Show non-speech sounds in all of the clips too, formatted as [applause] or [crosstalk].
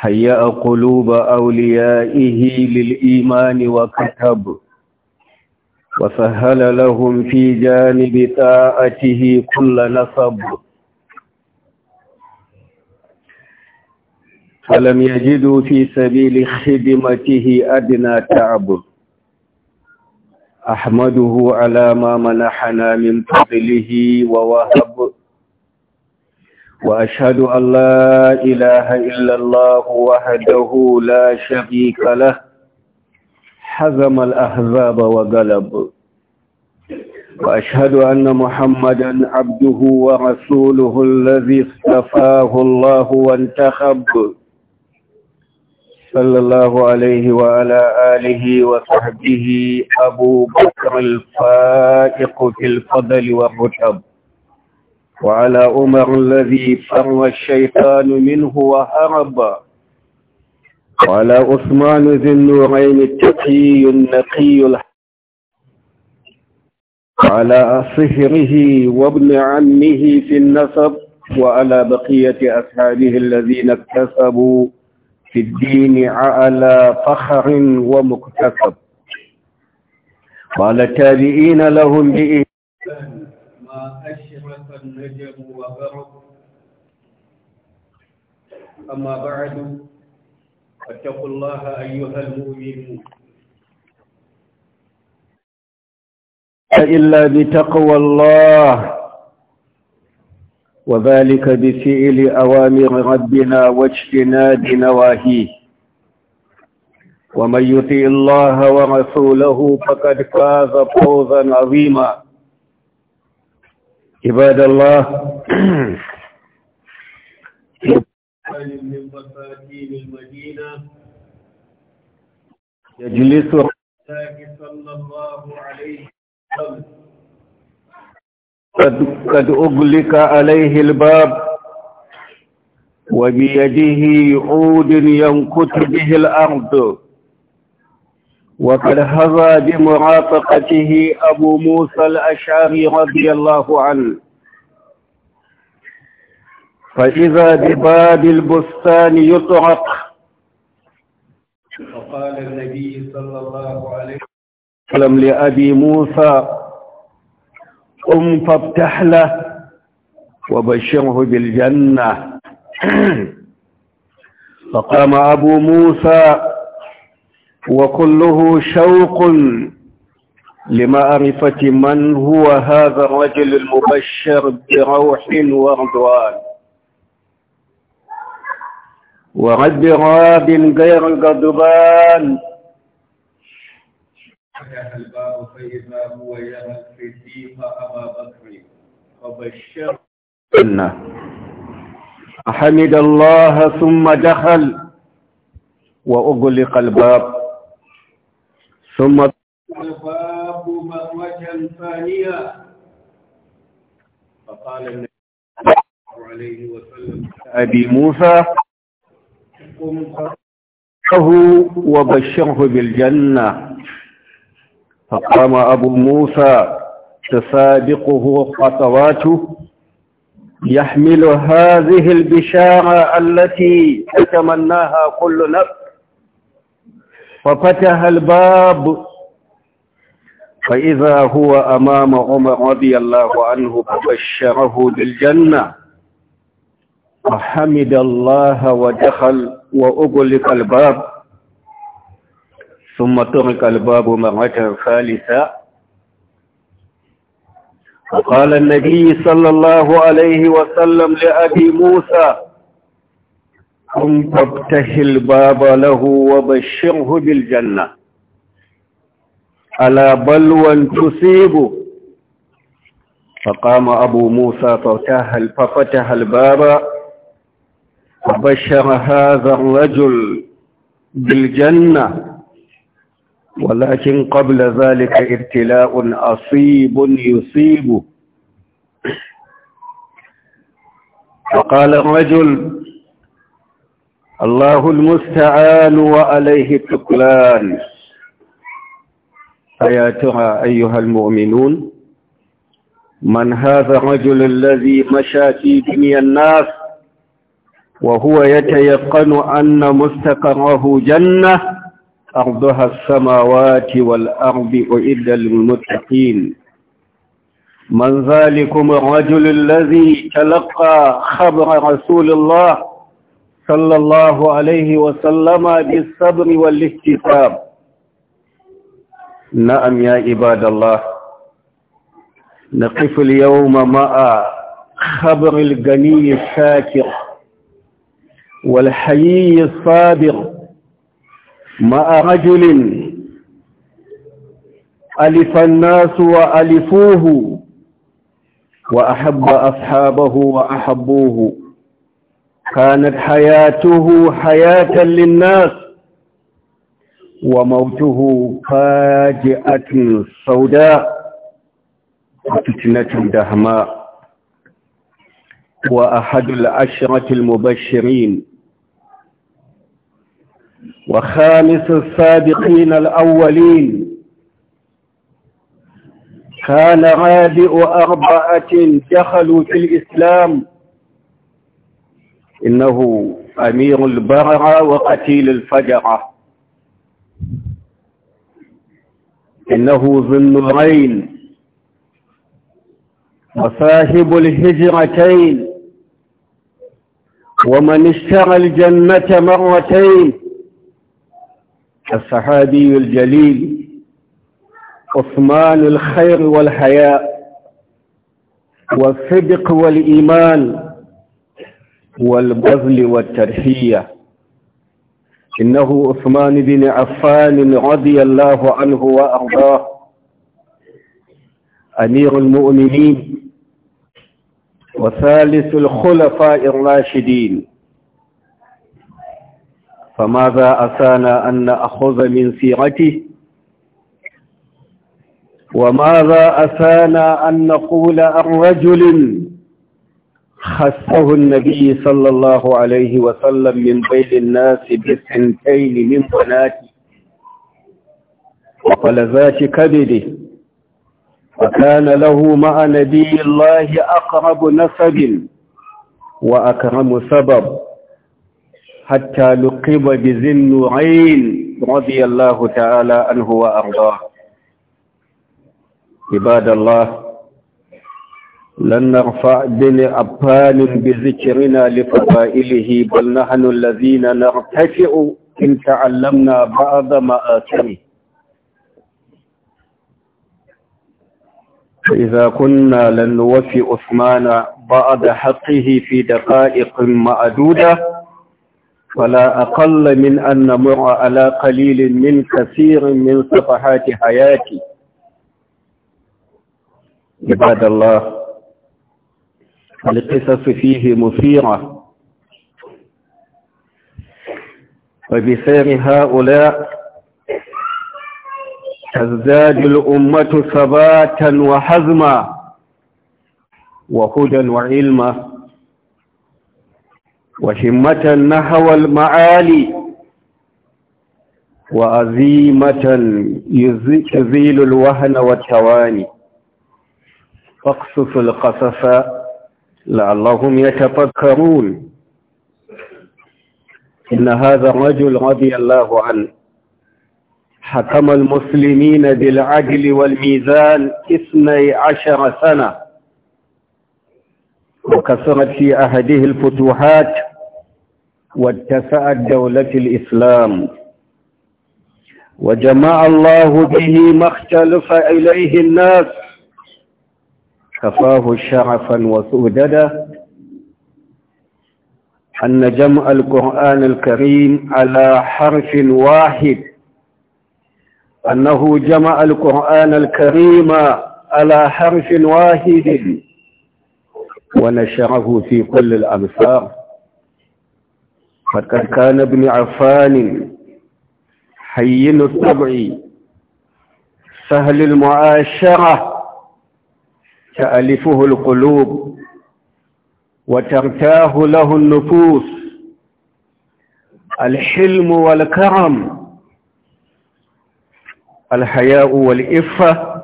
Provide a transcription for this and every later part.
هيأ قلوب أوليائه للإيمان وكتب وسهل لهم في جانب طاعته كل نصب فلم يجدوا في سبيل خدمته أدنى تعب أحمده على ما منحنا من فضله ووهب وأشهد أن لا إله إلا الله وحده لا شريك له حزم الأحزاب وقلب وأشهد أن محمدا عبده ورسوله الذي اصطفاه الله وانتخب صلى الله عليه وعلى آله وصحبه أبو بكر الفائق في الفضل والرتب وعلى عمر الذي فر الشيطان منه وهرب وعلى عثمان ذي النورين التقي النقي الحق على صهره وابن عمه في النسب وعلى بقية أصحابه الذين اكتسبوا في الدين على فخر ومكتسب وعلى التابعين لهم بإحسان النجم وبرق أما بعد فاتقوا الله أيها المؤمنون إلا بتقوى الله وذلك بفعل أوامر ربنا واجتناب نواهيه ومن يطيع الله ورسوله فقد فاز فوزا عظيما عباد الله من مساكين المدينة يجلس الله صلى الله عليه وسلم قد, قد أغلق عليه الباب وبيده يعود ينكت به الأرض وقد هوى بمرافقته أبو موسى الأشعري رضي الله عنه فإذا بباب البستان يطرق فقال النبي صلى الله عليه وسلم لأبي موسى قم فافتح له وبشره بالجنة [clears throat] فقام أبو موسى وكله شوق لمعرفة من هو هذا الرجل المبشر بروح ورضوان ورد راب غير القضبان فتح الباب فإذا هو يا الصديق أبا بكر فبشر حمد الله ثم دخل وأغلق الباب ثم الباب مأوجا ثانية فقال النبي صلى الله عليه وسلم أبي موسى وبشره بالجنة فقام أبو موسى تسابقه خطواته يحمل هذه البشارة التي تتمناها كل نفس ففتح الباب فإذا هو أمام عمر رضي الله عنه فبشره بالجنة فحمد الله ودخل وأغلق الباب ثم ترك الباب مرة ثالثة فقال النبي صلى الله عليه وسلم لأبي موسى قم فابته الباب له وبشره بالجنة على بلوى تصيبه فقام أبو موسى ففتح الباب وبشر هذا الرجل بالجنة ولكن قبل ذلك ابتلاء أصيب يصيبه فقال الرجل الله المستعان وعليه التكلان اياتها ترى أيها المؤمنون من هذا الرجل الذي مشى في دنيا الناس وهو يتيقن أن مستقره جنة أرضها السماوات والأرض أعد للمتقين من ذلكم الرجل الذي تلقى خبر رسول الله صلى الله عليه وسلم بالصبر والاحتساب نعم يا عباد الله نقف اليوم مع خبر الغني الشاكر والحي الصابر مع رجل ألف الناس وألفوه وأحب أصحابه وأحبوه كانت حياته حياة للناس وموته فاجئة سوداء وفتنة دهماء وأحد العشرة المبشرين وخامس السابقين الأولين كان عادئ أربعة دخلوا في الإسلام إنه أمير البررة وقتيل الفجرة إنه ذو النورين وصاحب الهجرتين ومن اشترى الجنة مرتين الصحابي الجليل عثمان الخير والحياء والصدق والإيمان والبذل والترحية إنه عثمان بن عفان رضي الله عنه وأرضاه أمير المؤمنين وثالث الخلفاء الراشدين فماذا أسانا أن نأخذ من سيرته وماذا أسانا أن نقول عن رجل خصه النبي صلى الله عليه وسلم من بين الناس بسنتين من بناته وفلذات كبده وكان له مع نبي الله أقرب نسب وأكرم سبب حتى لقب بذي النوعين رضي الله تعالى عنه وأرضاه عباد الله لن نرفع بن عبان بذكرنا لفضائله بل نحن الذين نرتفع إن تعلمنا بعض مآتمه فإذا كنا لن نوفي عثمان بعد حقه في دقائق معدودة فلا أقل من أن نمر على قليل من كثير من صفحات حياتي عباد الله فالقصص فيه مثيرة وبسير هؤلاء تزداد الأمة ثباتا وحزما وهدى وعلما وهمة نحو المعالي وعزيمة تزيل الوهن والتواني فاقصص القصص لعلهم يتفكرون إن هذا الرجل رضي الله عنه حكم المسلمين بالعدل والميزان اثني عشر سنة وكثرت في أهده الفتوحات واتسعت دولة الإسلام وجمع الله به ما اختلف إليه الناس كفاه شرفا وسؤددا أن جمع القرآن الكريم على حرف واحد أنه جمع القرآن الكريم على حرف واحد ونشره في كل الأمصار فقد كان ابن عفان حين الطبع سهل المعاشرة تألفه القلوب وترتاح له النفوس الحلم والكرم الحياء والإفة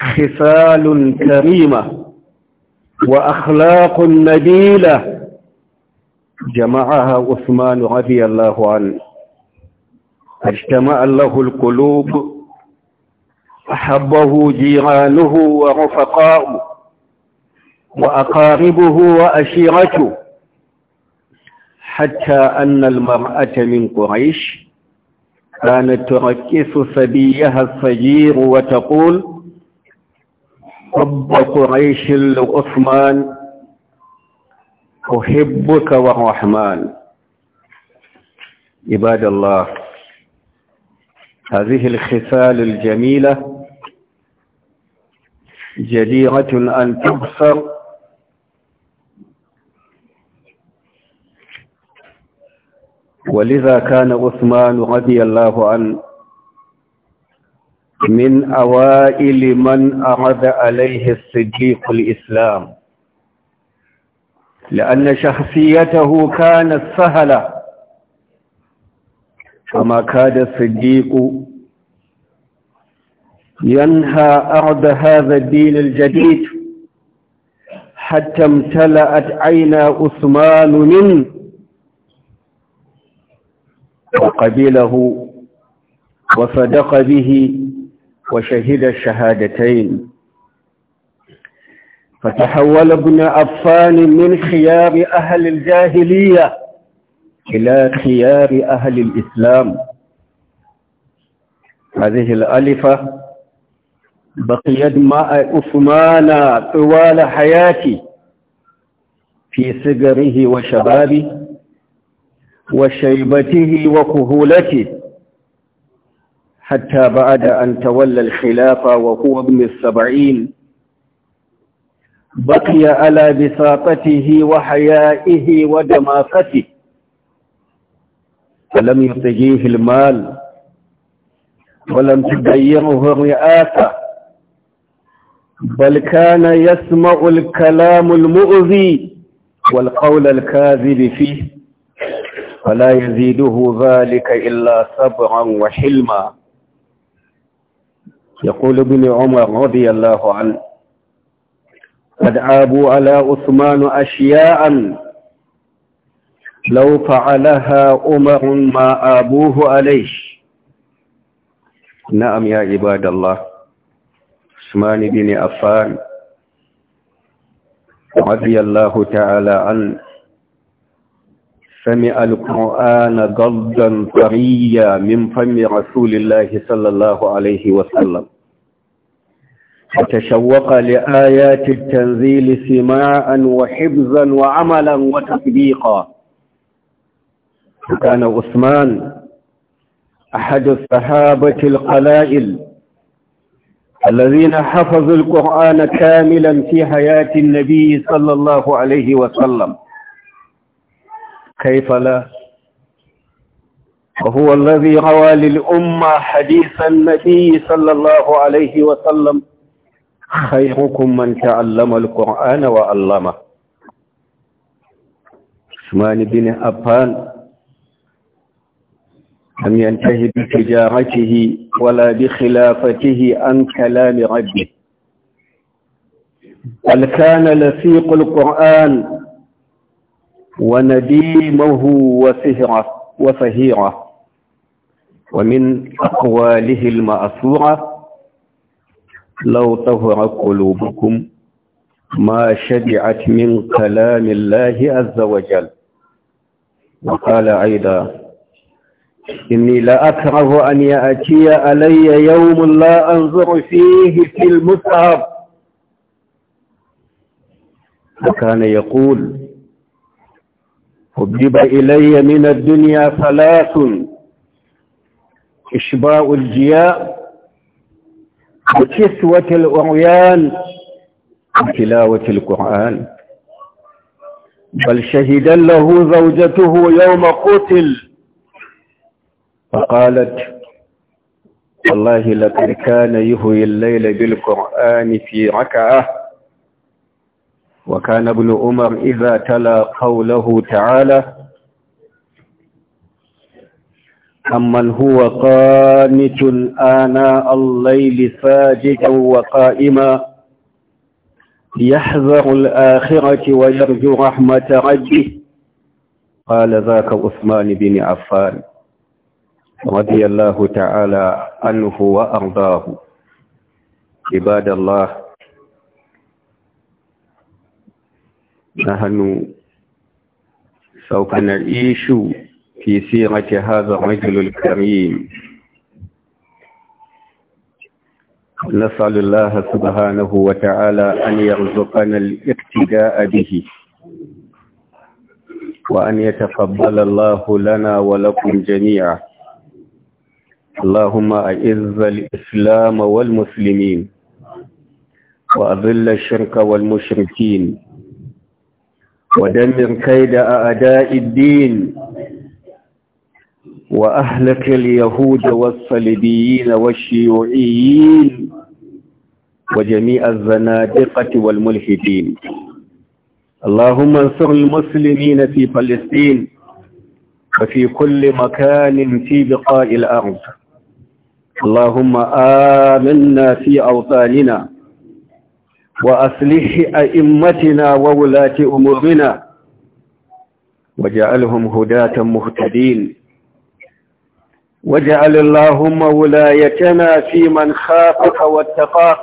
خصال كريمة وأخلاق نبيلة جمعها عثمان رضي الله عنه اجتمع له القلوب أحبه جيرانه ورفقاؤه وأقاربه وأشيرته حتى أن المرأة من قريش كانت تركس سبيها الصجير وتقول رب قريش لعثمان أحبك والرحمن عباد الله هذه الخصال الجميلة جديرة أن تبصر ولذا كان عثمان رضي الله عنه من أوائل من أرد عليه الصديق الإسلام لأن شخصيته كانت سهلة فما كاد الصديق ينهى أرض هذا الدين الجديد حتى امتلأت عينا أثمان منه وقبله وصدق به وشهد الشهادتين فتحول ابن عفان من خيار أهل الجاهلية إلى خيار أهل الإسلام هذه الألفة بقي دماء عثمان طوال حياتي في صغره وشبابه وشيبته وكهولته حتى بعد أن تولى الخلافة وهو ابن السبعين بقي على بساطته وحيائه ودماقته فلم يطجيه المال ولم تغيره الرئاسة بل كان يسمع الكلام المؤذي والقول الكاذب فيه فلا يزيده ذلك إلا صبرا وحلما يقول ابن عمر رضي الله عنه قد عابوا على عثمان أشياء لو فعلها عمر ما آبوه عليه نعم يا عباد الله عثمان بن عفان رضي الله تعالى عنه سمع القرآن قضا طريا من فم رسول الله صلى الله عليه وسلم فتشوق لآيات التنزيل سماعا وحفظا وعملا وتطبيقا وكان عثمان أحد الصحابة القلائل الذين حفظوا القرآن كاملا في حياة النبي صلى الله عليه وسلم كيف لا وهو الذي روى للأمة حديث النبي صلى الله عليه وسلم خيركم من تعلم القرآن وعلمه عثمان بن أبان لم ينتهي بتجارته ولا بخلافته عن كلام ربه بل كان لفيق القرآن ونديمه وفهره وفهيره ومن أقواله المأثورة لو طهر قلوبكم ما شبعت من كلام الله عز وجل وقال أيضا إني لأكره أن يأتي علي يوم لا أنظر فيه في المصحف وكان يقول حبب إلي من الدنيا ثلاث إشباء الجياء وكسوة الأعيان وتلاوة القرآن بل شهد له زوجته يوم قتل فقالت والله لقد كان يهوي الليل بالقرآن في ركعة وكان ابن عمر إذا تلا قوله تعالى أمن هو قانت آناء الليل ساجدا وقائما يحذر الآخرة ويرجو رحمة ربه قال ذاك عثمان بن عفان رضي الله تعالى عنه وأرضاه عباد الله نحن سوف نعيش في سيرة هذا الرجل الكريم نسأل الله سبحانه وتعالى أن يرزقنا الاقتداء به وأن يتقبل الله لنا ولكم جميعا اللهم أعز الإسلام والمسلمين وأذل الشرك والمشركين ودمر كيد أعداء الدين وأهلك اليهود والصليبيين والشيوعيين وجميع الزنادقة والملحدين اللهم انصر المسلمين في فلسطين وفي كل مكان في بقاء الأرض اللهم آمنا في أوطاننا وأصلح أئمتنا وولاة أمورنا وجعلهم هداة مهتدين واجعل اللهم ولايتنا في من خافك واتقاك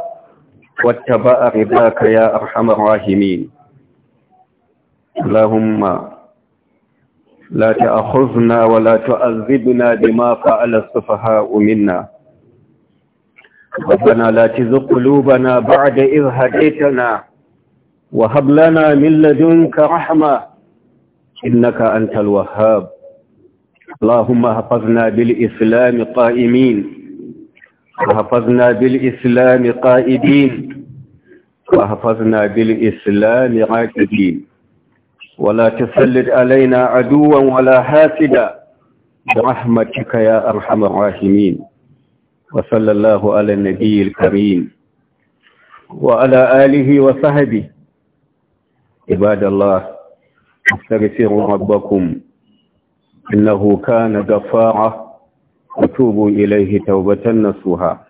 واتبع رضاك يا أرحم الراحمين اللهم لا تأخذنا ولا تؤذبنا بما فعل السفهاء منا ربنا لا تزغ قلوبنا بعد إذ هديتنا وهب لنا من لدنك رحمة إنك أنت الوهاب اللهم حفظنا بالإسلام قائمين وحفظنا بالإسلام قائدين وحفظنا بالإسلام راكدين ولا تسلد علينا عدوا ولا حاسدا برحمتك يا أرحم الراحمين وصلى الله على النبي الكريم وعلى آله وصحبه عباد الله استغفروا ربكم إنه كان غفارا وتوبوا إليه توبة نصوحا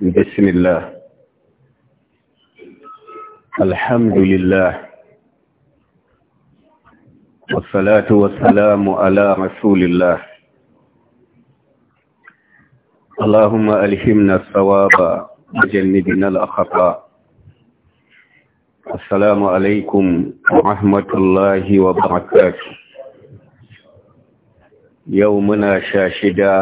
بسم الله الحمد لله والصلاة والسلام على رسول الله اللهم ألهمنا الصواب وجنبنا الأخطاء السلام عليكم ورحمة الله وبركاته يومنا شاشدا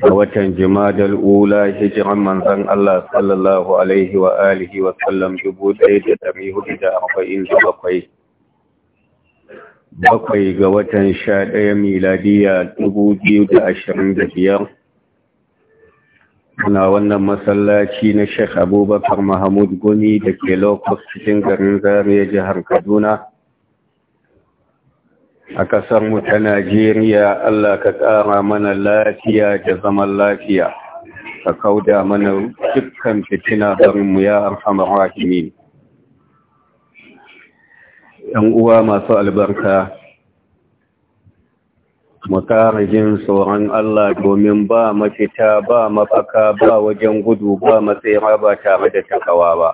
ga watan jimadar ula hijiran manzan Allah sallallahu Alaihi wa alihi wa sallam dubu ɗaya da ɗari hudu da arba'in da bakwai. Bakwai ga watan sha ɗaya miladiya dubu biyu da ashirin da biyar. Muna wannan masallaci na Sheikh Abubakar Mahmud Guni da ke lokacin garin Zariya jihar Kaduna. a ƙasarmu ta Najeriya Allah ka ƙara mana lafiya da zaman lafiya ka kauda mana dukkan fitina barinmu ya arhamar rahimi ‘yan uwa masu albarka mu ƙara jin sauran Allah domin ba mafita ba mafaka ba wajen gudu ba matsayara ba tare da takawa ba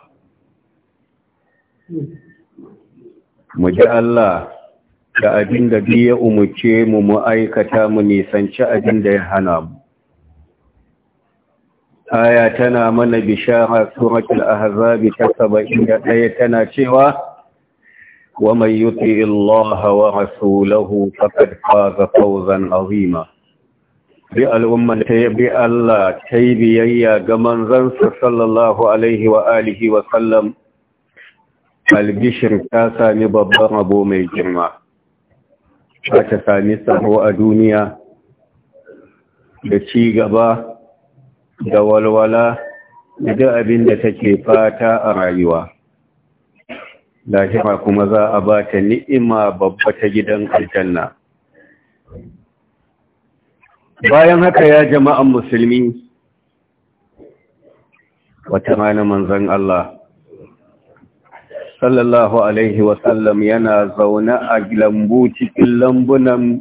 mu ji Allah da abin da biya umuce mu mu aikata mu nisanci abin da ya hana mu aya tana mana bishara suratul ahzab ta 71 tana cewa wa may yuti illaha wa rasulahu faqad faza fawzan azima bi al'umma ta bi Allah ta biyayya ga manzansa sallallahu alaihi wa alihi wa sallam albishir ta sami babban abu mai girma ba ta sami tsaro a duniya da ci gaba da walwala da abin da take fata a rayuwa lahira kuma za a ba ta ni'ima babba ta gidan aljanna bayan haka ya jama'an musulmi wata rana manzan Allah sallallahu alaihi wasallam yana zaune a lambu cikin lambunan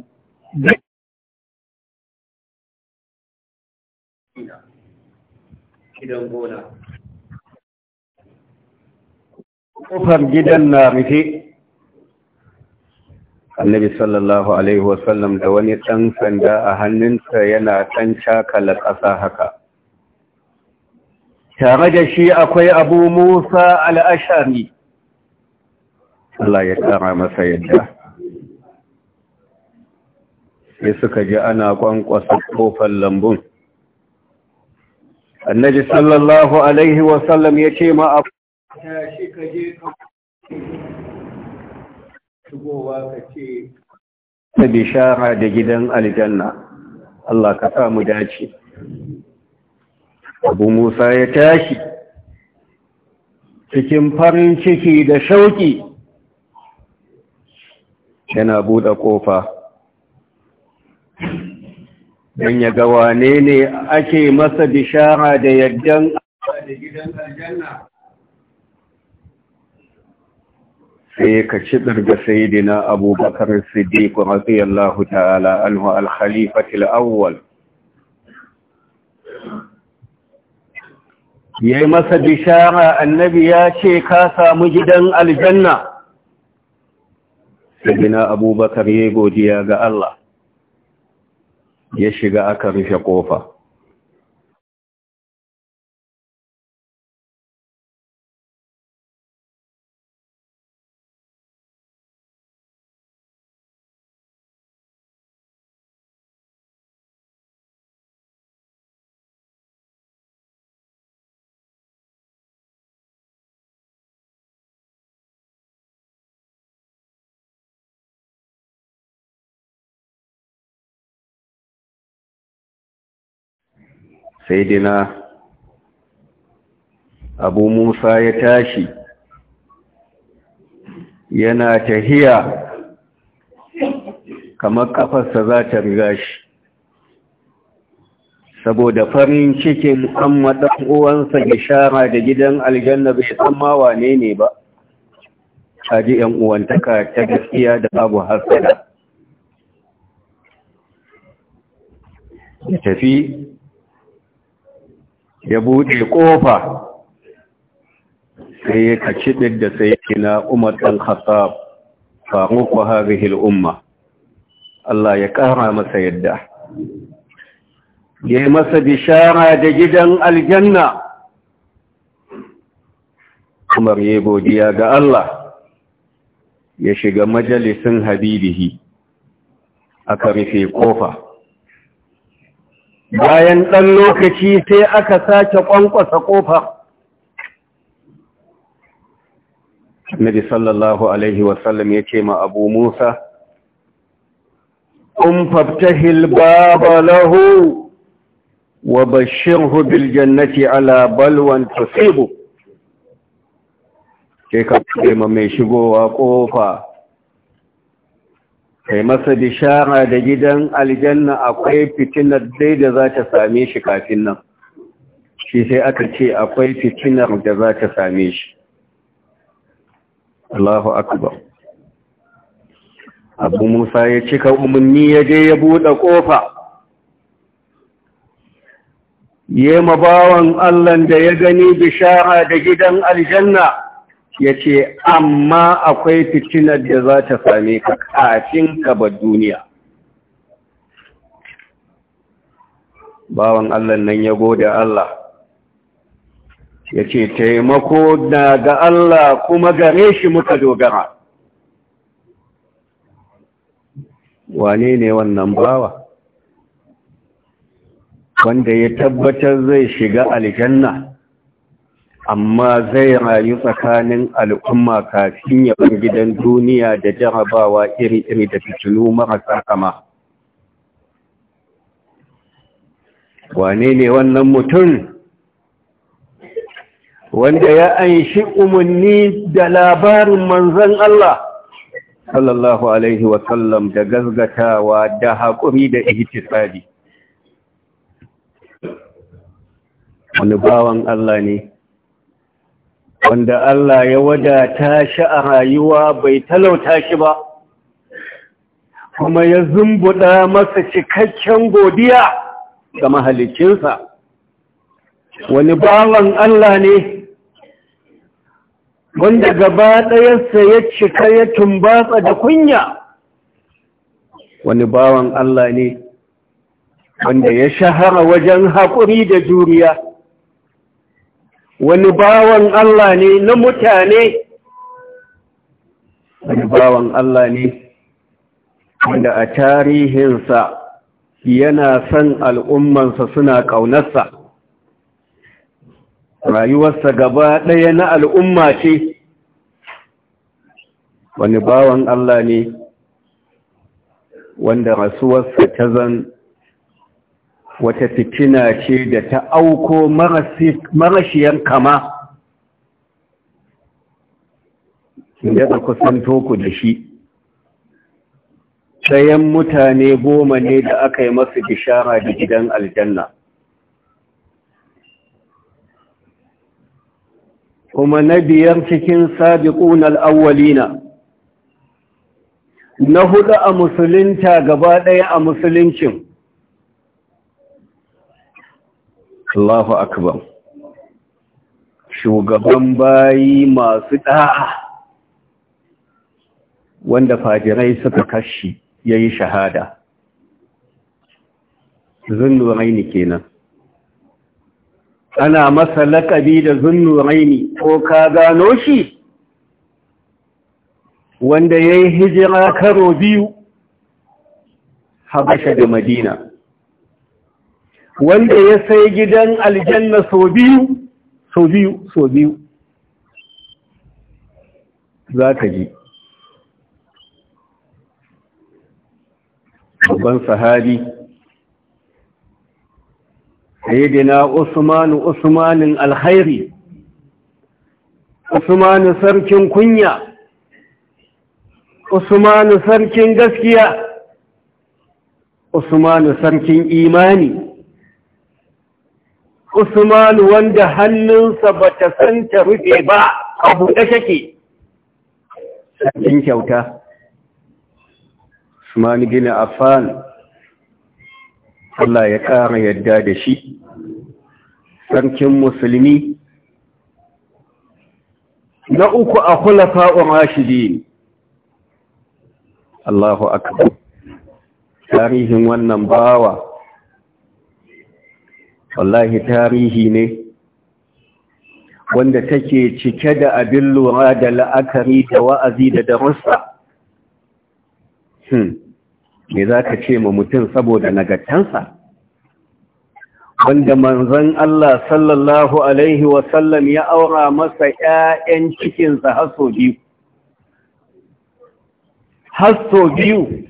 gidan gidan na rufe annabi sallallahu alaihi wasallam da wani ɗan sanda a hannunsa yana ɗan cakala ƙasa haka tare da shi akwai abu musa al'ashari Allah ya kara masa yadda Ya suka ji ana kwankwasa kofar lambun annabi sallallahu alaihi wasallam ya ce ma a shi ka je ka shigowa ka ce ta bishara da gidan aljanna Allah ka samu dace abu musa ya tashi cikin farin ciki da shauki yana buɗe ƙofa don ya ga wane ne ake masa bishara da yaddan sai ka ci da saidina abubakar siddiq radiyallahu ta'ala anhu al-khalifati awwal yayi masa bishara annabi ya ce ka samu gidan aljanna sayyidina abubakar ya godiya ga Allah ya shiga aka rufe kofa dina, abu musa ya tashi yana tahiya kamar kafarsa za ta riga shi saboda farin cikin an maɗan uwansa gishara da gidan aljanna bai san ma wane ne ba a ji ‘yan uwantaka ta gaskiya da babu hasada ya tafi ya buɗe ƙofa sai ya kaci da sai na umar ɗan hasab faruku harihil umma Allah ya ƙara masa yadda ya yi masa bishara da gidan aljanna kamar ya godiya ga Allah ya shiga majalisin habibihi aka rufe ƙofa bayan ɗan lokaci sai aka sake ƙwanƙwasa ƙofa Nabi sallallahu Alaihi wasallam ya ce ma abu Musa, "Un faftahil baba lahu wa bashirhu bil jannati ala balwan tasibu. Ke ka ma mai shigowa ƙofa kai masa bishara da gidan aljanna akwai fitinar dai da za ta same shi kafin nan shi sai aka ce akwai fitinar da za ta same shi Allahu akbar Abu Musa ya cika umarni ya je ya buɗe ƙofa yema bawan Allah da ya gani bishara da gidan aljanna ya ce amma akwai fitinar da za ta same ka kafin ka bar duniya bawan Allah nan ya gode Allah ya ce taimako na ga Allah kuma gare shi muka dogara wane ne wannan bawa wanda ya tabbatar zai shiga aljanna amma zai rayu tsakanin al'umma kafin ya bar gidan duniya da jarabawa iri-iri da fitilu marasa kama wane ne wannan mutum wanda ya anshi umarni da labarin manzan Allah sallallahu Alaihi wasallam da gazgatawa da haƙuri da ihtisari wani bawan Allah ne wanda Allah ya wadata shi a rayuwa bai talauta shi ba kuma ya zumbuɗa masa cikakken godiya ga mahalicinsa wani bawan Allah ne wanda gaba ɗayarsa ya cika ya tumbatsa da kunya wani bawan Allah ne wanda ya shahara wajen haƙuri da juriya wani bawan Allah ne na mutane wani bawan Allah ne wanda a tarihinsa yana son al'ummansa suna ƙaunarsa rayuwarsa gaba ɗaya na al'umma ce wani bawan Allah ne wanda rasuwarsa ta zan wata fitina ce da ta auko marashiyan kama da ta kusanto ku da shi sayan mutane goma ne da aka yi masu bishara da gidan aljanna kuma na biyar cikin sabiƙun al'awwalina na huɗu a musulunta gaba ɗaya a musuluncin Allahu akbar shugaban bayi masu da'a wanda fajirai suka kashi yayi shahada zunnuraini kenan ana masa lakabi da zunnuraini ko ka gano shi wanda yayi hijira karo biyu habasha da madina wanda ya sai gidan aljanna so biyu so biyu so biyu za ka ji babban sahabi sayyidina Usmanu usmanin alkhairi Usmanu sarkin kunya Usmanu sarkin gaskiya Usmanu sarkin imani Usman wanda hannunsa ba ta ta rufe ba a buɗe shake. Sarkin kyauta, Usman gina Affan, Allah ya ƙara yadda da shi, sarkin musulmi. Na uku a kula fa'on rashidi, Allahu akbar. tarihin wannan bawa wallahi tarihi ne wanda take cike da abin lura da la'akari da wa'azi da darussa hmm, me za ka ce ma mutum saboda nagartansa wanda manzan Allah sallallahu Alaihi wasallam ya aura masa ‘ya'yan cikinsa haso biyu haso biyu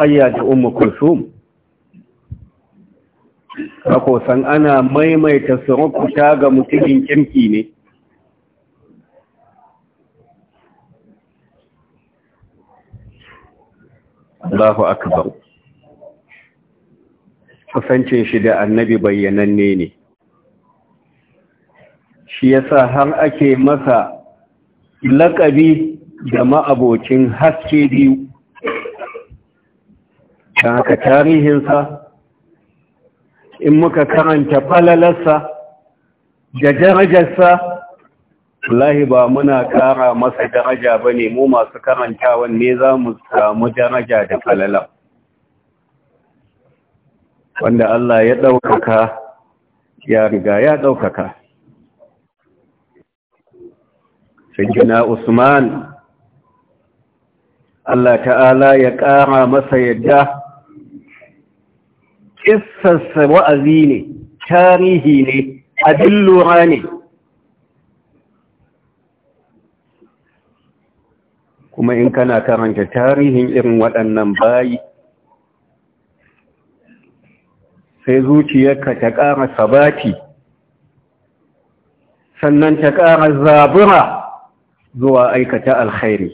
ƙayya da umu kulsum kako ana maimaita surukuta ga mutumin kirki ne Allahu akbar kusancin shi da annabi bayyananne ne shi yasa har ake masa laƙabi da ma'abocin haske biyu ta haka tarihinsa in muka karanta falalarsa da darajarsa Allahi ba muna ƙara masa daraja ba ne mu masu karantawan ne za mu samu daraja da falala wanda Allah ya ɗaukaka ya riga ya ɗaukaka sajina Usman Allah ta'ala ya ƙara masa yadda kissarsa wa'azi ne tarihi ne abin lura ne kuma in kana karanta tarihin irin waɗannan bayi sai zuciyarka ta ƙara sabati sannan ta ƙara zabura zuwa aikata alkhairi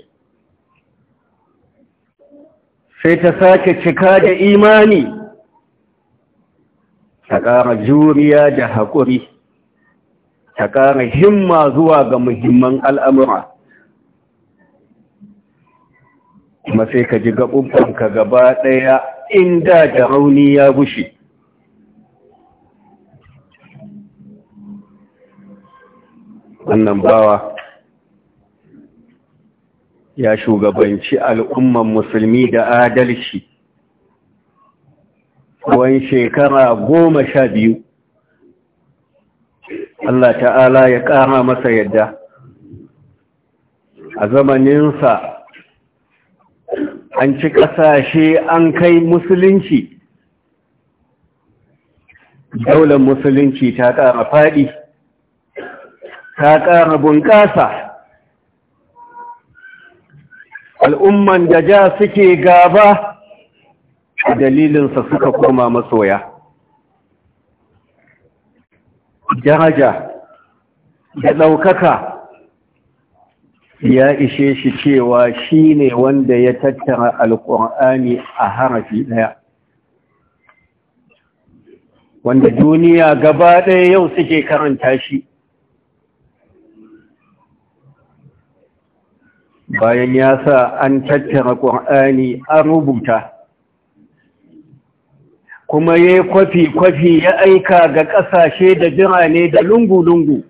sai ta sake cika da imani ta ƙara juriya da haƙuri ta ƙara himma zuwa ga muhimman al'amura kuma sai ka ji gaɓuɓɓanka gaba ɗaya inda da rauni ya gushi wannan bawa ya shugabanci al'umman musulmi da adalci wani shekara goma sha biyu Allah ta'ala ya ƙara masa yadda a zamaninsa an ci ƙasashe an kai musulunci daular musulunci ta ƙara faɗi ta ƙara bunƙasa al'umman da ja suke gaba dalilinsa suka koma masoya daraja da ɗaukaka ya ishe shi cewa shi ne wanda ya tattara alƙur'ani a harafi ɗaya wanda duniya gaba ɗaya yau suke karanta shi bayan ya sa an tattara ƙur'ani an rubuta kuma ya yi kwafi-kwafi ya aika ga ƙasashe da birane da lungu-lungu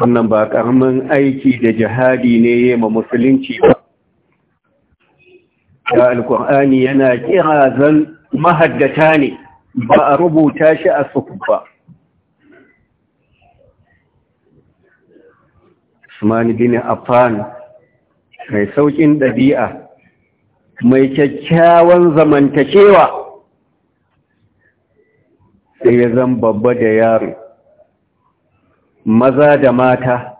wannan ba ƙaramin aiki da jihadi ne ya ma musulunci ba da alkur'ani yana kira zan mahaddata ne ba a rubuta shi a suku ba Usman bin Affan mai saukin ɗabi'a mai kyakkyawan zamantakewa sai ya zan babba da yaro maza da mata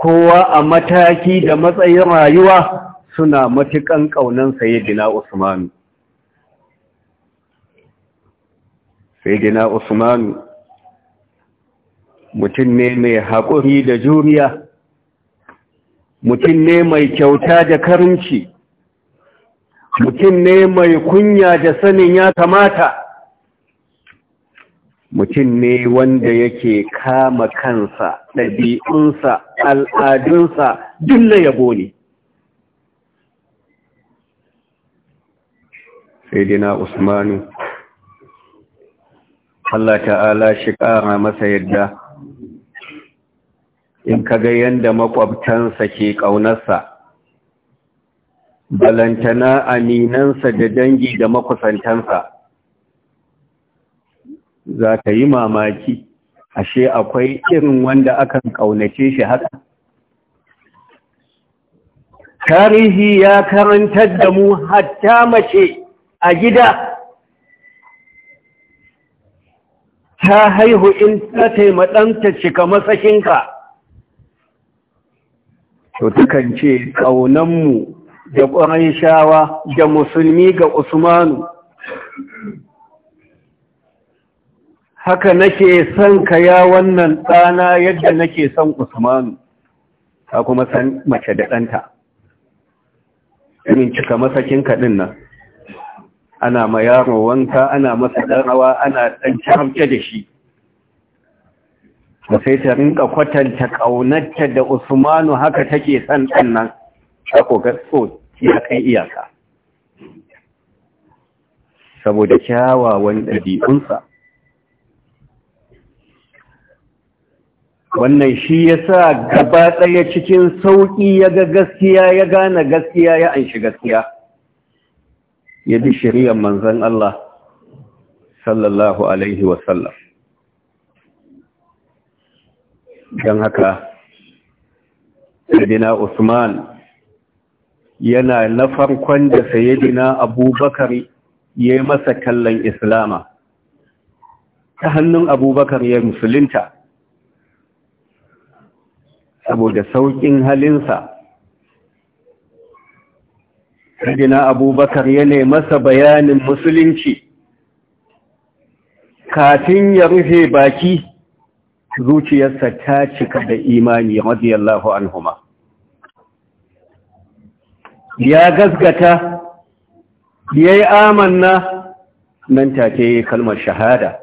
kowa a mataki da matsayin rayuwa suna matuƙan ƙaunan sayyidina usmanu sayyidina usmanu mutum ne mai haƙuri da juriya mutum ne mai kyauta da karimci mutum ne mai kunya da sanin ya kamata mutum ne wanda yake kama kansa ɗabi'unsa al'adunsa dilla yabo ne sai dina usmanu Allah ta'ala shi ƙara masa yadda in kaga yanda makwabtansa ke ƙaunarsa balantana aminansa da dangi da makusantansa za ka yi mamaki ashe akwai irin wanda akan ƙaunace shi haka tarihi ya karantar da mu hatta mace a gida ta haihu in ta taimakanta cika masashinka to takan ce ƙaunanmu da ƙwarar shawa da musulmi ga usmanu haka nake son ka ya wannan ɗana yadda nake son usmanu ta kuma san mace da ɗanta irin cika masakin kaɗin nan ana ma yaro wanka ana masa ɗarawa ana ɗan carfe da shi da sai ta rinka kwatanta ƙaunarta da usmanu haka take son ɗan nan ta kogar so ya kai iyaka saboda kyawawan ɗabi'unsa wannan shi ya sa gaba ɗaya cikin sauƙi ya ga gaskiya ya gane gaskiya ya anshi gaskiya ya bi shirya manzan Allah sallallahu Alaihi wasallam don haka Sadina Usman yana na farkon da sayidina abubakar ya masa kallon islama ta hannun abubakar ya musulunta saboda sauƙin halinsa sayidina abubakar ya masa bayanin musulunci kafin ya rufe baki zuciyarsa ta cika da imani radiyallahu anhuma ya gasgata ya yi amanna nan take kalmar shahada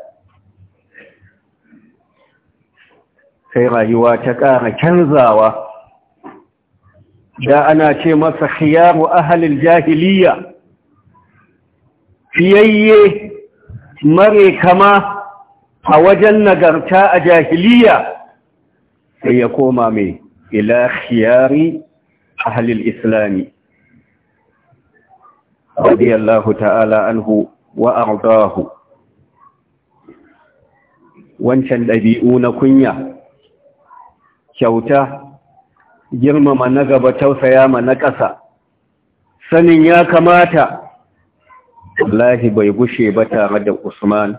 sai rayuwa ta ƙara canzawa da ana ce masa khiyaru ahalil jahiliya fiyayye mare kama a wajen nagarta a jahiliya sai ya koma mai ila khiyari ahalil islami رضي ta'ala تعالى عنه وأرضاه wancan ɗabi'u na kunya kyauta girmama na gaba tausaya ma na ƙasa sanin ya kamata Allahi bai bushe ba tare da Usman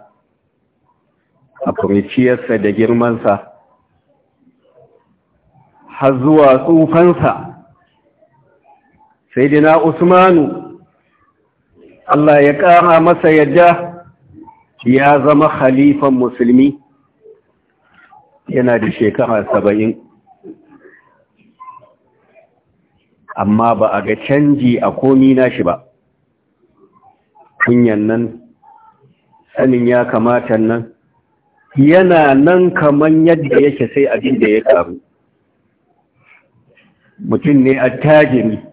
a kuriciyarsa da girmansa har zuwa tsufansa sai dina Usmanu Allah ya ƙara masa yadda ya zama khalifan musulmi yana da shekara saba'in amma ba a ga canji a komi nashi ba kunyan nan sanin ya kamata nan yana nan kaman yadda yake sai abin da ya karu mutum ne attajiri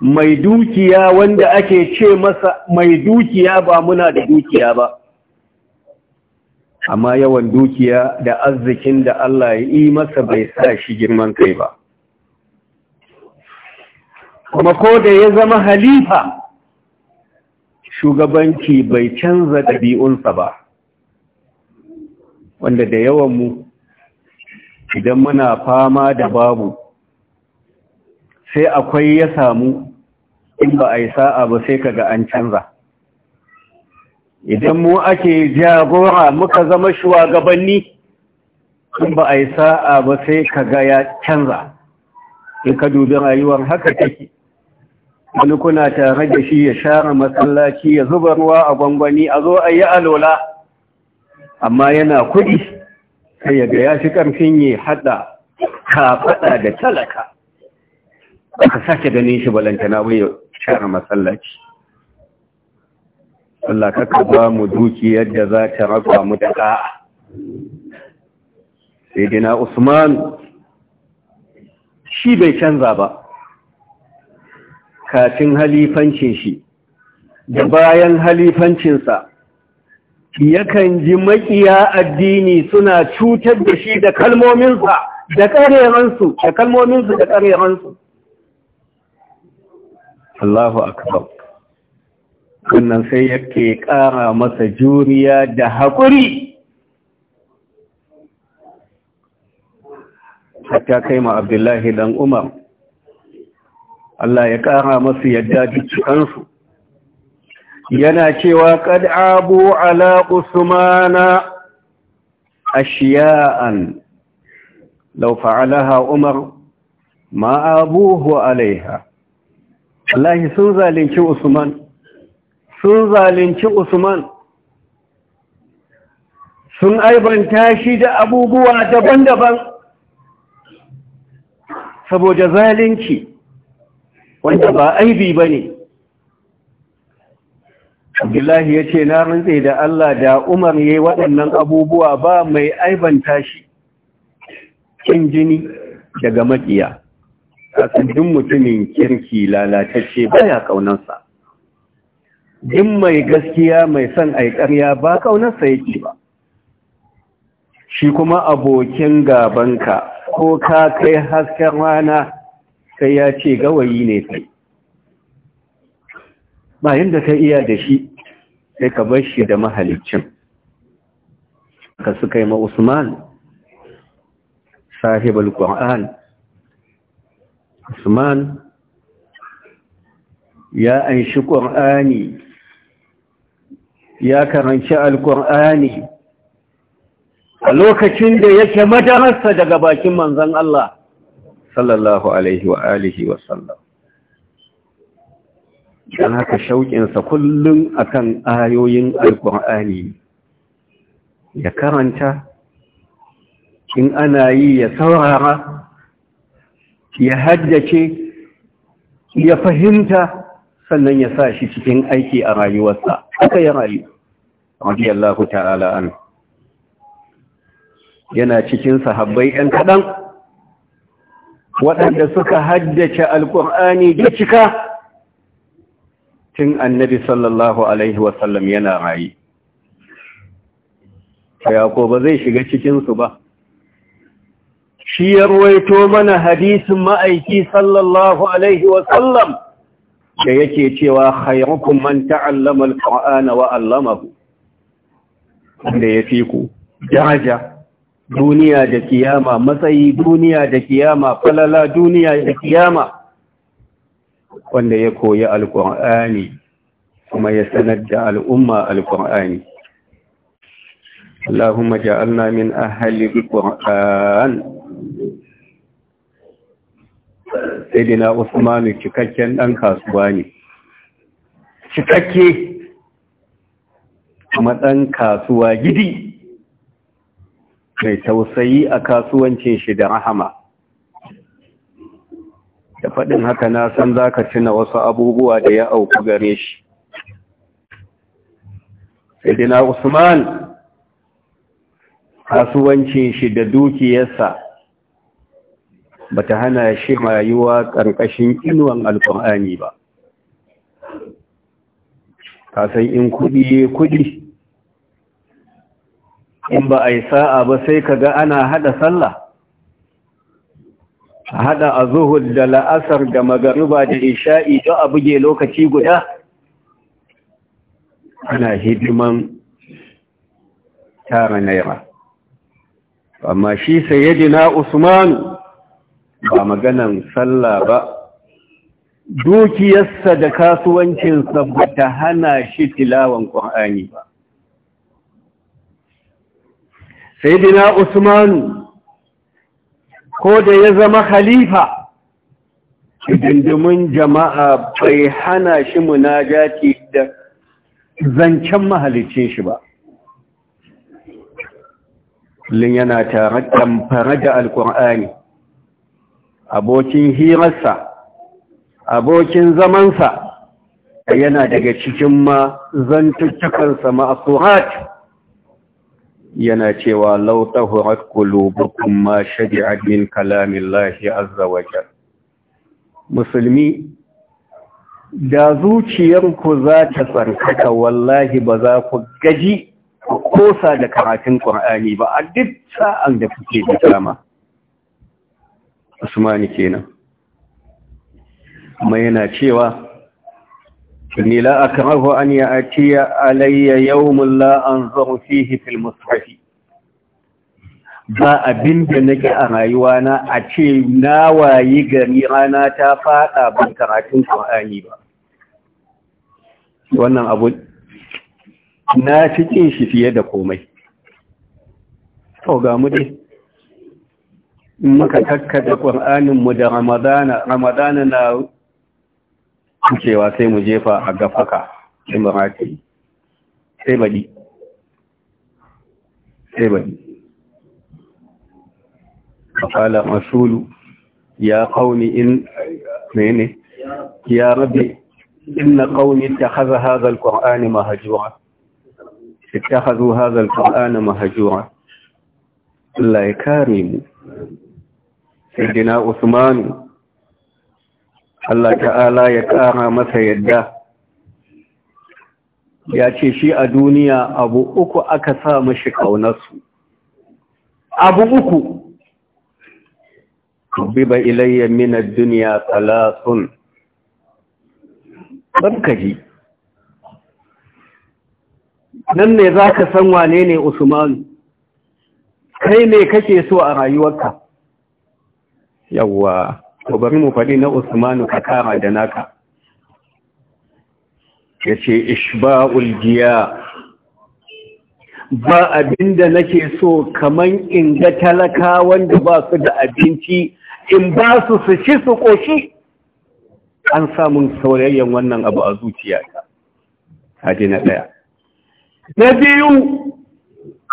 mai dukiya wanda ake ce masa mai dukiya ba muna da dukiya ba amma yawan dukiya da arzikin da Allah ya yi masa bai sa shi girman kai ba kuma ko da ya zama halifa shugabanci bai canza ɗabi'unsa ba wanda da yawan mu, idan muna fama da babu sai akwai ya samu in ba a yi sa'a ba sai kaga an canza idan mu ake jagora muka zama shugabanni in ba a yi sa'a ba sai kaga ya canza in ka dubi rayuwar haka take wani kuna tare da shi ya share masallaci ya zuba ruwa a gwangwani a zo a yi alola amma yana kudi sai ya ga ya fi ƙarfin ya haɗa ka faɗa da talaka ba ka sake ganin shi balantana wuyo share masallaci Allah kaka ba mu dukiyar da za ta raba mu da da'a Sayyidina Usman shi bai canza ba kafin halifancin shi da bayan halifancinsa yakan ji maƙiya addini suna cutar da shi da kalmominsa da da kalmominsu da ƙarewansu. Allahu akbar wannan sai yake ƙara masa juriya da haƙuri hatta kai ma abdullahi dan umar Allah ya ƙara masu yadda dukkansu yana cewa kad abu ala usmana ashiya'an law fa'alaha umar ma abuhu alaiha wallahi sun zalunci Usman sun zalunci Usman sun aibanta shi da abubuwa daban-daban saboda zalunci wanda ba aibi ba ne Abdullahi ya ce na rantse da Allah da Umar ya yi waɗannan abubuwa ba mai aibanta shi kin jini daga maƙiya kasan duk mutumin kirki lalatacce baya kaunansa duk mai gaskiya mai son aikarya ya ba kaunansa yake ba shi kuma abokin gabanka ko ka kai hasken rana sai ya ce gawayi ne sai bayan da ka iya da shi sai ka bar shi da mahalicin ka su kai ma usman sahibul qur'an usman ya anshi ƙur'ani ya karanci alƙur'ani a lokacin da yake madararsa daga bakin manzan Allah sallallahu alaihi wa alihi wa sallam dan haka shauƙinsa kullum akan ayoyin alƙur'ani ya karanta in ana yi ya saurara ya haddace ya fahimta sannan ya sa shi cikin aiki a rayuwarsa aka yi rayu radiyallahu ta'ala an yana cikin sahabbai ɗan kaɗan waɗanda suka haddace alƙur'ani da cika tun annabi sallallahu alaihi wasallam yana rayu ya ko ba zai shiga cikinsu ba shi ya ruwaito mana hadisin ma'aiki sallallahu alaihi wasallam da yake cewa khairukum man ta'allama al wa 'allamahu Wanda ya fi ku daraja duniya da kiyama matsayi duniya da kiyama falala duniya da kiyama wanda ya koyi alkur'ani kuma ya sanar da al'umma alkur'ani Allahumma ja'alna min ahli al dina Usmanu cikakken ɗan kasuwa ne. Cikakke kuma kasuwa gidi mai tausayi a kasuwancin shi da rahama. Da faɗin haka na san za ka tuna wasu abubuwa da ya auku gare shi. dina Usman kasuwancin shi da dukiyarsa bata hana shi rayuwa ƙarƙashin inuwan alƙur'ani ba kasan in kuɗi kuɗi in ba a yi sa'a ba sai ka ga ana haɗa sallah a haɗa a zuhud da la'asar da magariba da isha'i don a buge lokaci guda ana hidiman tara naira amma shi sayyidina usmanu ba maganan sallah ba dukiyarsa da kasuwancinsa ba ta hana shi tilawan ƙwa'ani ba sai dina usmanu ko da ya zama khalifa dindimin jama'a bai hana shi munajati da zancen mahalicin shi ba lin yana tare tamfare da alkur'ani abokin hirarsa abokin zamansa yana daga cikin ma zantuttukansa ma'asurat yana cewa lautahurat kulubukum ma shaɗi min kalamin azza wa musulmi da zuciyarku za ta tsarkaka wallahi ba za ku gaji ku kosa da karatun ƙur'ani ba a duk sa'an da kuke da kama. usmani kenan kuma yana cewa inni la akrahu an ya'tiya alayya yawmun la anzuru fihi fil mushaf ba abin da nake a rayuwa na a ce na wayi gari rana ta fada ban karatun Qur'ani ba wannan abu na cikin shi fiye da komai to ga mu dai muka kakkata mu da ramadana ramadana na cewa sai mu jefa a gafaka sai imarati sai baɗi sai baɗi kafalar rasulu ya ƙauni in mene ya rabbi inna ƙauni ta haza hazal ƙur'ani mahajura ta hazo hazal ƙur'ani mahajura Allah ya kare mu sayyidina Usmanu Allah ta'ala ya ƙara masa yadda ya ce shi a duniya abu uku aka sa mashi ƙaunarsu abu uku biba ilayya min ad-dunya salasun barkaji nan ne zaka san wane ne Usmanu kai ne kake so a rayuwarka yawwa to bari mu faɗi na usmanu ka kama da naka ya ce ishba'ul jiya. ba abinda nake so kaman in ga talaka wanda ba su da abinci in ba su su ci su ƙoshi an samun saurayyan wannan abu a zuciya haji na ɗaya na biyu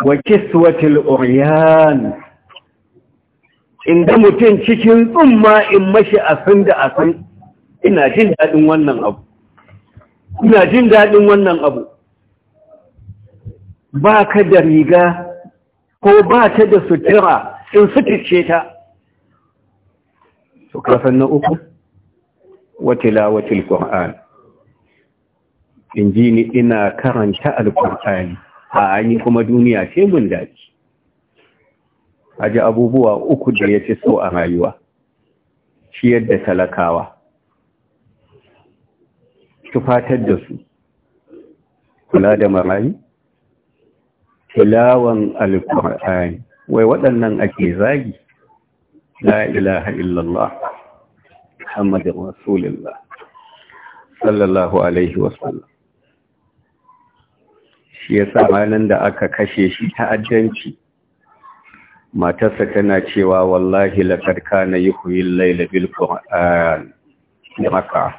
wa kiswatul uryan in ga mutum cikin tsumma in mashi a san da a san ina jin daɗin wannan abu ina jin daɗin wannan abu ba ka da riga ko ba ta da sutura in suturce ta su kasan na uku watila watil ƙwa'an in ji ni ina karanta alƙwa'ani a ainihin kuma duniya ce mun daji a ji abubuwa uku da ya fi so a rayuwa ciyar da talakawa tufatar da su kula da marayi tilawan alkur'ani wai waɗannan ake zagi la ilaha illallah muhammadu rasulullah sallallahu alaihi wasallam shi sa ranar da aka kashe shi ta'addanci matarsa tana cewa wallahi laqad kana yi al-layla bil qur'an haka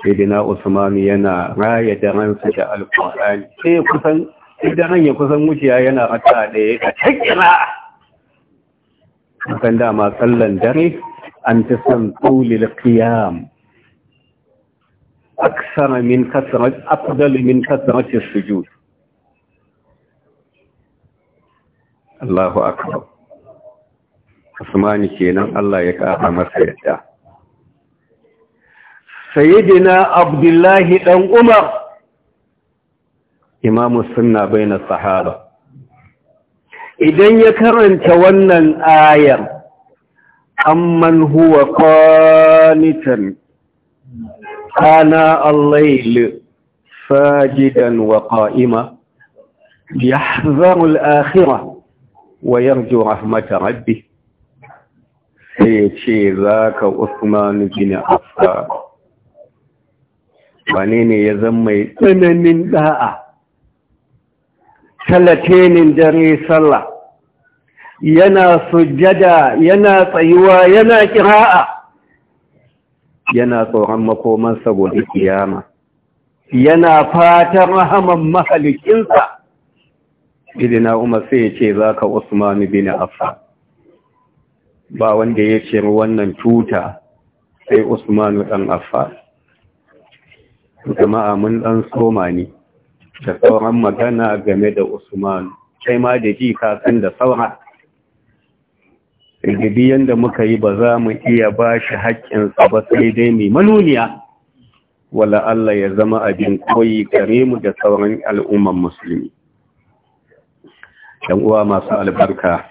sayyidina usman yana raya da ransa da al-qur'an sai kusan idan ya kusan wuciya yana raka da ya takira kan dama sallan dare an ta san tulil qiyam aksara min kasrat afdal min kasrat sujud Allahu akbar Usmani kenan Allah ya kafa masa yadda Sayyidina Abdullahi dan Umar Imamu sunna baina sahaba idan ya karanta wannan ayar amman huwa qanitan ana al-layl sajidan wa qa'ima yahzaru al-akhirah wa yarju rahmata rabbi sai ya ce za ka usman bin affan wane ne ya zama mai tsananin da'a talatenin dare sallah yana sujjada yana tsayuwa yana kira'a yana tsoron makoman saboda kiyama yana fatan rahaman mahalikinsa idina umar sai ya ce za ka usman bin afa. ba wanda ya ce wannan tuta sai Usmanu dan afa. jama'a mun dan soma ne da sauran magana game da Usmanu kai ma da ji ka san da saura rigidi yanda muka yi ba za mu iya ba shi haƙƙinsa ba sai dai mai manuniya wala Allah ya zama abin koyi gare mu da sauran al'umman musulmi ɗan uwa masu albarka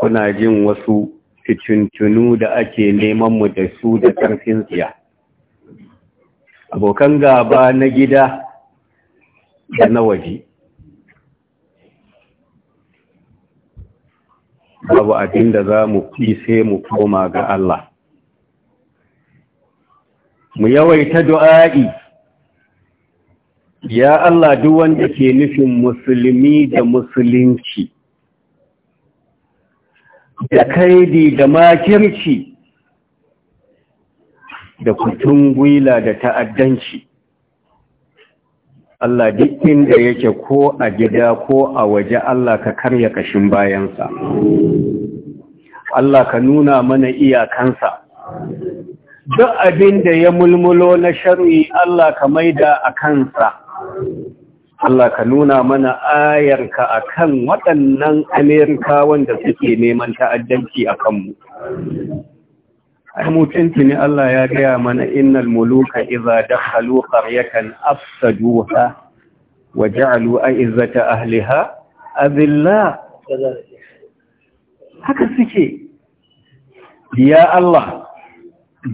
kuna jin wasu fitintunu da ake neman mu da su da ƙarfin tsiya abokan gaba na gida da na waje babu abin da za mu fi sai mu koma ga Allah mu yawaita du'a'i ya Allah duk wanda ke nufin musulmi da musulunci da kaidi da makirci da kutun gwila da ta'addanci Allah duk inda yake ko a gida ko a waje Allah ka karya kashin bayansa Allah ka nuna mana iyakansa duk abin da ya mulmulo na shari'i Allah ka maida a kansa Allah ka nuna mana ayarka a kan waɗannan Amerika wanda suke neman ta'addanci a kanmu. Mutunci ne Allah ya gaya mana innal muluka iza da halukar yakan afsaduha wa ja'alu a izzata ahliha azilla. Haka suke, ya Allah,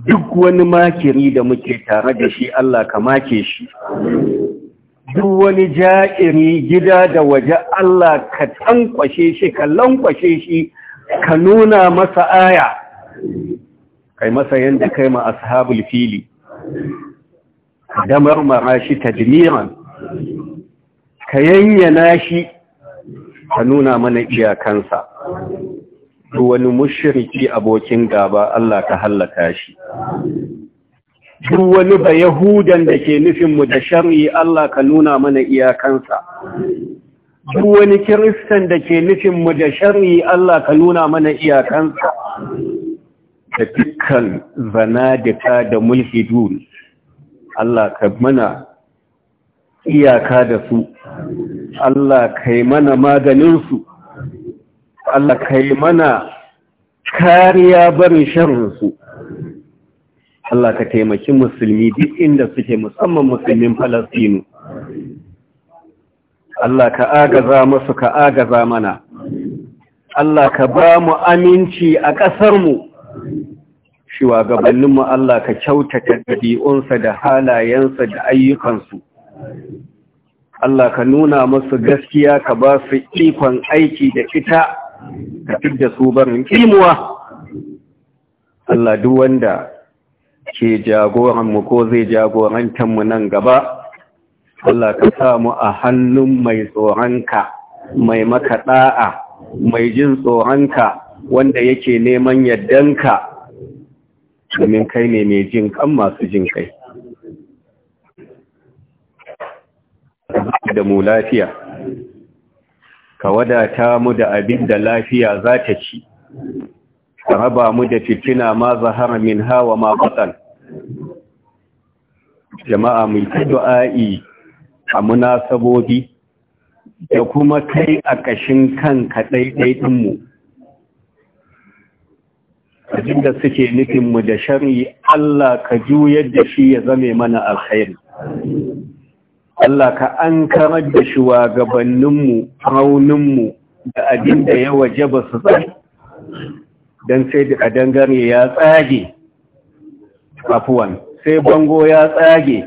duk wani makiri da muke tare da shi Allah ka make shi. duk wani ja'iri gida da waje Allah ka tankwashe shi ka lankwashe shi ka nuna masa aya kai masa yanda kai ma ashabul fili damar mara ta jimiran, ka yanyana shi ka nuna mana iyakansa duk wani mushriki abokin gaba Allah ka hallaka shi duk wani ba Yahudan da ke nufinmu da shar'i Allah ka nuna mana iyakansa. Duk wani Kiristan da ke nufinmu da shar'i Allah ka nuna mana iyakansa. Da dukkan zanadika da mulhidun, Allah ka mana iyaka da su, Allah ka yi mana maganinsu, Allah ka yi mana kariya barin sharrinsu. Allah ka taimaki musulmi duk inda suke musamman musulmin Falastinu Allah ka agaza musu ka agaza mana Allah ka ba mu aminci a ƙasarmu gabaninmu Allah ka kyautata ɗabi'unsa da halayensa da ayyukansu Allah ka nuna masu gaskiya ka ba su ikon aiki da ita ka da su barin ƙimuwa. Allah duk wanda ke jagoranmu ko zai jagorantanmu nan gaba Allah ka samu a hannun mai tsoronka mai maka ɗa'a mai jin tsoronka wanda yake neman yaddanka domin kai ne mai jin kan masu jin kai da mu lafiya ka wadata mu da abin da lafiya za ta ci ka raba mu da fitina ma zahara min hawa ma fatan jama'a mai ta du'a'i a munasabobi da kuma kai a ƙashin kan ɗaiɗaiɗinmu abin da suke nufinmu da shari'i Allah ka juyar da shi ya zame mana alkhairi Allah ka an karar da shi wa gabaninmu rauninmu da abin da ya waje ba su tsaye don sai da ƙadangare ya tsage afuwan sai bango ya tsage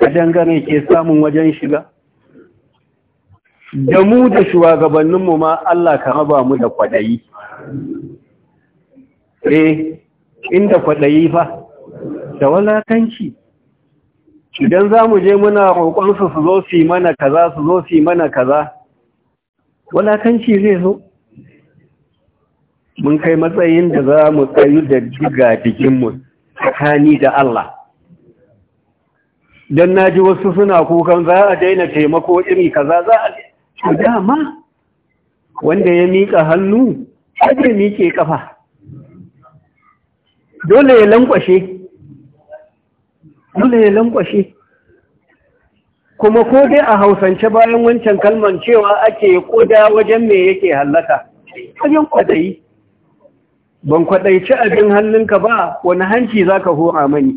a dangane ke samun wajen shiga da mu da shugabanninmu ma Allah ka raba mu da kwaɗayi eh inda kwaɗayi fa da walakanci idan za mu je muna roƙonsu su zo su yi mana kaza su zo su yi mana kaza walakanci zai zo mun kai matsayin da za mu tsayu da diga jikinmu tsakani da Allah don na ji wasu suna kukan za a daina taimako iri kaza za a dama wanda ya miƙa hannu ake miƙe ƙafa dole ya lankwashe dole ya lankwashe kuma ko dai a hausance bayan wancan kalman cewa ake koda wajen me yake hallaka wajen kwadayi ban kwaɗaici abin hannunka ba wani hanci za ka hora mani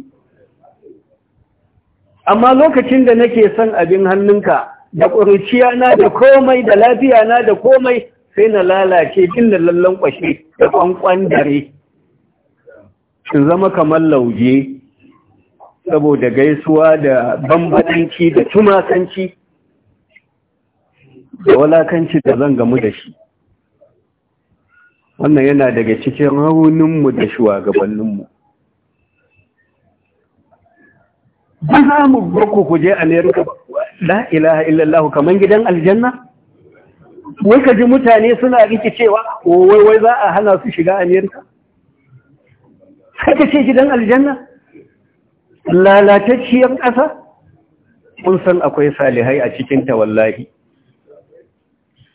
amma lokacin da nake son abin hannunka da ƙuriciya na da komai da lafiya na da komai sai na lalace jin da lallon ƙwashe, da ƙwanƙwan dare in zama kamar lauje saboda gaisuwa da bambanci da tumasanci da walakanci da zan gamu da shi wannan yana daga cikin rauninmu da shugabanninmu ba za mu barku ku je amerika la ilaha illallah kamar gidan aljanna wai ka ji mutane suna rikicewa wai wai za a hana su shiga amerika haka ce gidan aljanna lalatacciyar ƙasa mun san akwai salihai a cikinta wallahi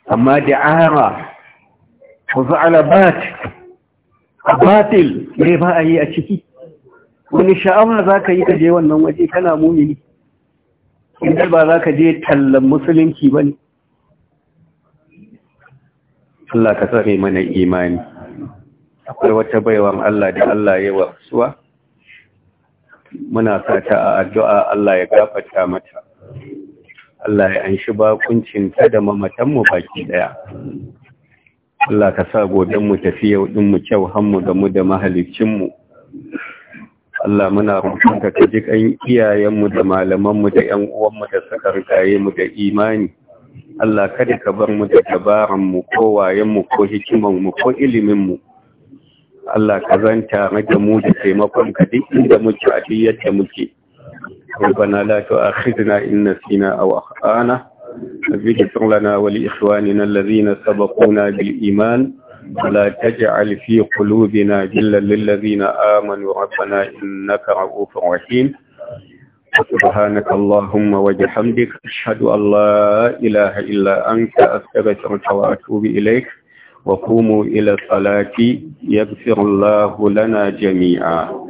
amma da'ara bat a batil ne ba a yi a ciki wani sha'awa za ka yi kaje wannan waje kana mumini inda ba za ka je tallan musulunci ba ne Allah ka tsare mana imani akwai wata baiwan Allah da Allah ya wa suwa muna sata a addu'a Allah ya gafata mata Allah ya anshi bakuncinta da mamatanmu baki ɗaya. Allah ka sa goben mu tafi yau din mu kyau hanmu da mu da mu Allah muna roƙon ka ji kan iyayenmu da malamanmu da ƴan mu da sakarkaye mu da imani Allah kada ka bar mu da dabaran mu ko wayen mu ko hikiman mu ko ilimin mu Allah ka zanta da mu da taimakon ka duk inda muke a duk yadda muke ربنا لا تؤاخذنا إن نسينا أو أخطأنا رب اغفر لنا ولإخواننا الذين سبقونا بالإيمان ولا تجعل في قلوبنا جلا للذين آمنوا ربنا إنك رؤوف رحيم سبحانك اللهم وبحمدك أشهد أن لا إله إلا أنت أستغفرك وأتوب إليك وقوموا إلى الصلاة يغفر الله لنا جميعا